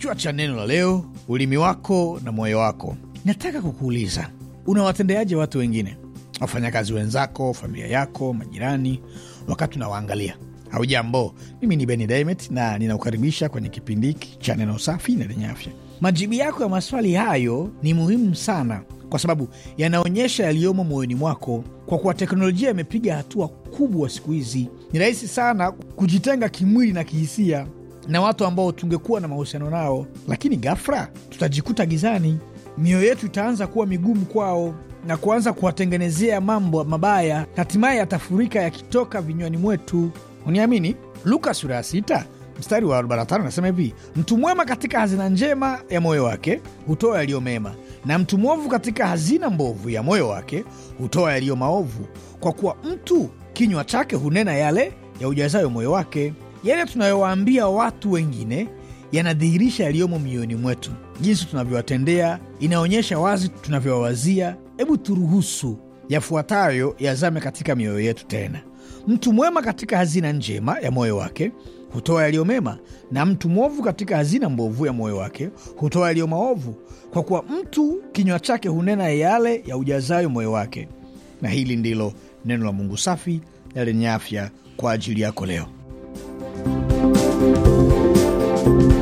Kichwa cha neno la leo: ulimi wako na moyo wako. Nataka kukuuliza, unawatendeaje watu wengine, wafanyakazi wenzako, familia yako, majirani, wakati unawaangalia? Haujambo, mimi ni Beni Dimet na ninakukaribisha kwenye kipindi hiki cha neno safi na lenye afya. Majibu yako ya maswali hayo ni muhimu sana, kwa sababu yanaonyesha yaliyomo moyoni mwako. Kwa kuwa teknolojia imepiga hatua kubwa siku hizi, ni rahisi sana kujitenga kimwili na kihisia na watu ambao tungekuwa na mahusiano nao, lakini ghafla tutajikuta gizani. Mioyo yetu itaanza kuwa migumu kwao na kuanza kuwatengenezea mambo mabaya, hatimaye yatafurika yakitoka vinywani mwetu. Uniamini, Luka sura ya sita mstari wa 45 nasema hivi: mtu mwema katika hazina njema ya moyo wake hutoa yaliyo mema, na mtu mwovu katika hazina mbovu ya moyo wake hutoa yaliyo maovu, kwa kuwa mtu kinywa chake hunena yale ya ujazayo moyo wake yale tunayowaambia watu wengine yanadhihirisha yaliyomo mioyoni mwetu. Jinsi tunavyowatendea inaonyesha wazi tunavyowawazia. Hebu turuhusu yafuatayo yazame katika mioyo yetu tena. Mtu mwema katika hazina njema ya moyo wake hutoa yaliyo mema, na mtu mwovu katika hazina mbovu ya moyo wake hutoa yaliyo maovu, kwa kuwa mtu kinywa chake hunena yale ya ujazayo moyo wake. Na hili ndilo neno la Mungu safi na lenye afya kwa ajili yako leo. Thank you.